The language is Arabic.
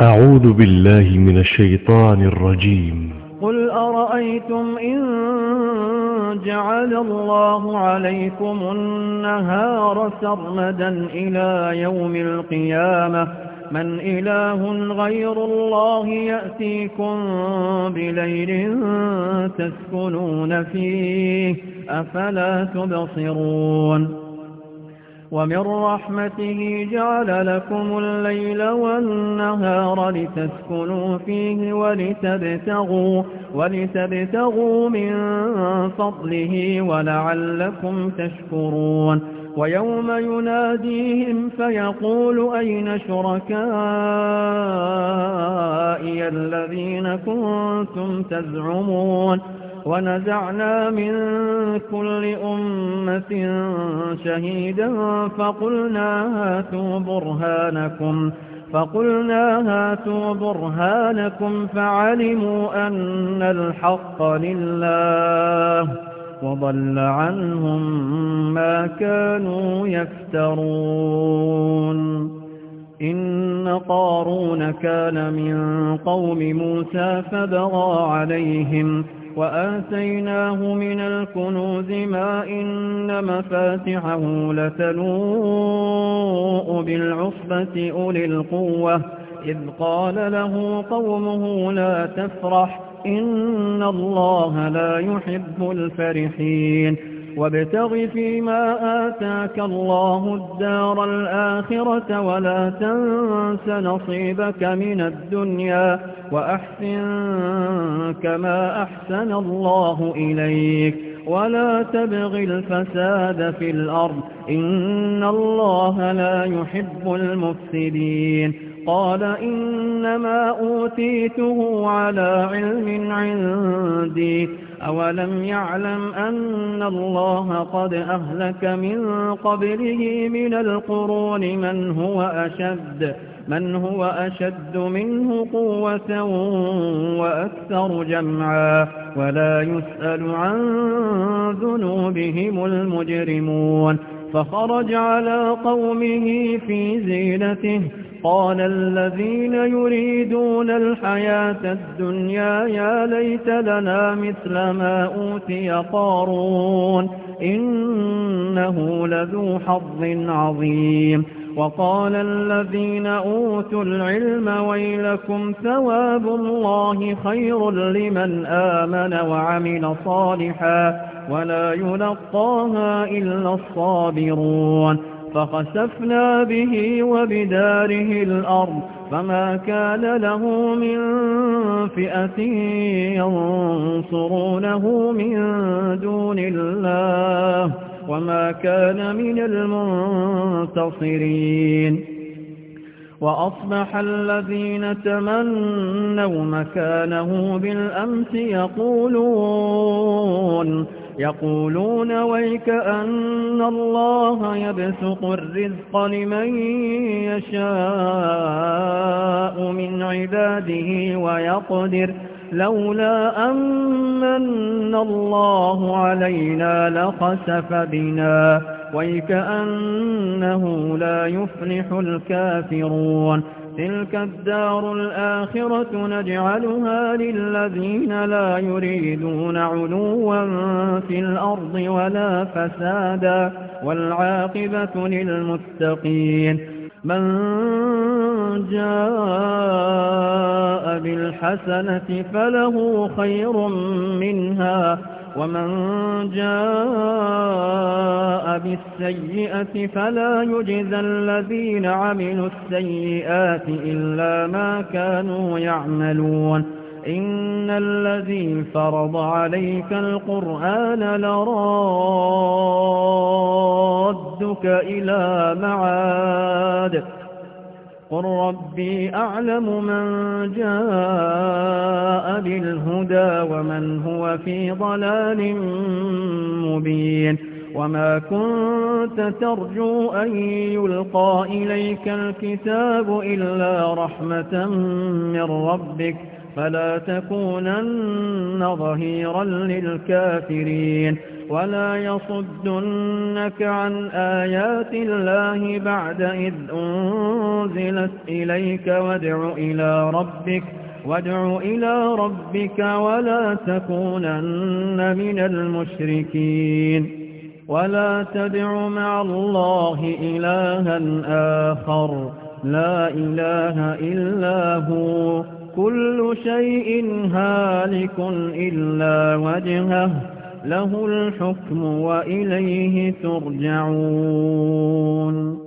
أعوذ بالله من الشيطان الرجيم قل أرأيتم إن جعل الله عليكم النهار سرمدا إلى يوم القيامة من إله غير الله يأتيكم بليل تسكنون فيه أفلا تبصرون ومن رحمته جعل لكم الليل والنهار لتسكنوا فيه ولتبتغوا, ولتبتغوا من فضله ولعلكم تشكرون ويوم يناديهم فيقول أين شركائي الذين كنتم تزعمون ونزعنا من كل أمة شهيدا فقلنا هاتوا برهانكم فقلنا هاتوا برهانكم فعلموا أن الحق لله وضل عنهم ما كانوا يفترون إن قارون كان من قوم موسى فبغى عليهم فبغى وآتيناه من الكنوز ما إن مفاتحه لتنوء بالعصبة أولي القوة إذ قال له قومه لا تفرح إن الله لا يحب الفرحين وابتغ فيما آتاك الله الدار الآخرة ولا تنس نصيبك من الدنيا وأحسن كما أحسن الله إليك ولا تبغ الفساد في الأرض إن الله لا يحب المفسدين قال إنما أوتيته على علم عندي أولم يعلم أن الله قد أهلك من قبله من القرون من هو أشد من هو أشد منه قوة وأكثر جمعا ولا يسأل عن ذنوبهم المجرمون فخرج على قومه في زينته قال الذين يريدون الحياة الدنيا يا ليت لنا مثل ما أوتي قارون إنه لذو حظ عظيم وقال الذين أوتوا العلم ويلكم ثواب الله خير لمن آمن وعمل صالحا ولا يلقاها إلا الصابرون فخسفنا به وبداره الأرض فما كان له من فئة ينصرونه من دون الله وما كان من المنتصرين وأصبح الذين تمنوا مكانه بالأمس يقولون يقولون ويك أن الله يبسق الرزق لمن يشاء من عباده ويقدر لولا أمن أَنَّ اللَّهُ عَلَيْنَا لَخَسَفَ بِنَا وَيْكَأَنَّهُ لَا يُفْلِحُ الْكَافِرُونَ تِلْكَ الدَّارُ الْآخِرَةُ نَجْعَلُهَا لِلَّذِينَ لَا يُرِيدُونَ عُلُوًّا فِي الْأَرْضِ وَلَا فَسَادًا وَالْعَاقِبَةُ لِلْمُتَّقِينَ من جاء بالحسنة فله خير منها ومن جاء بالسيئة فلا يجزى الذين عملوا السيئات إلا ما كانوا يعملون إن الذي فرض عليك القرآن لرادك إلى معاد الصادق قل ربي أعلم من جاء بالهدى ومن هو في ضلال مبين وما كنت ترجو أن يلقى إليك الكتاب إلا رحمة من ربك فلا تكونن ظهيرا للكافرين ولا يصدنك عن آيات الله بعد إذ أنزلت إليك وادع إلى ربك وادع إلى ربك ولا تكونن من المشركين ولا تدع مع الله إلها آخر لا إله إلا هو كل شيء هالك إلا وجهه له الحكم وإليه ترجعون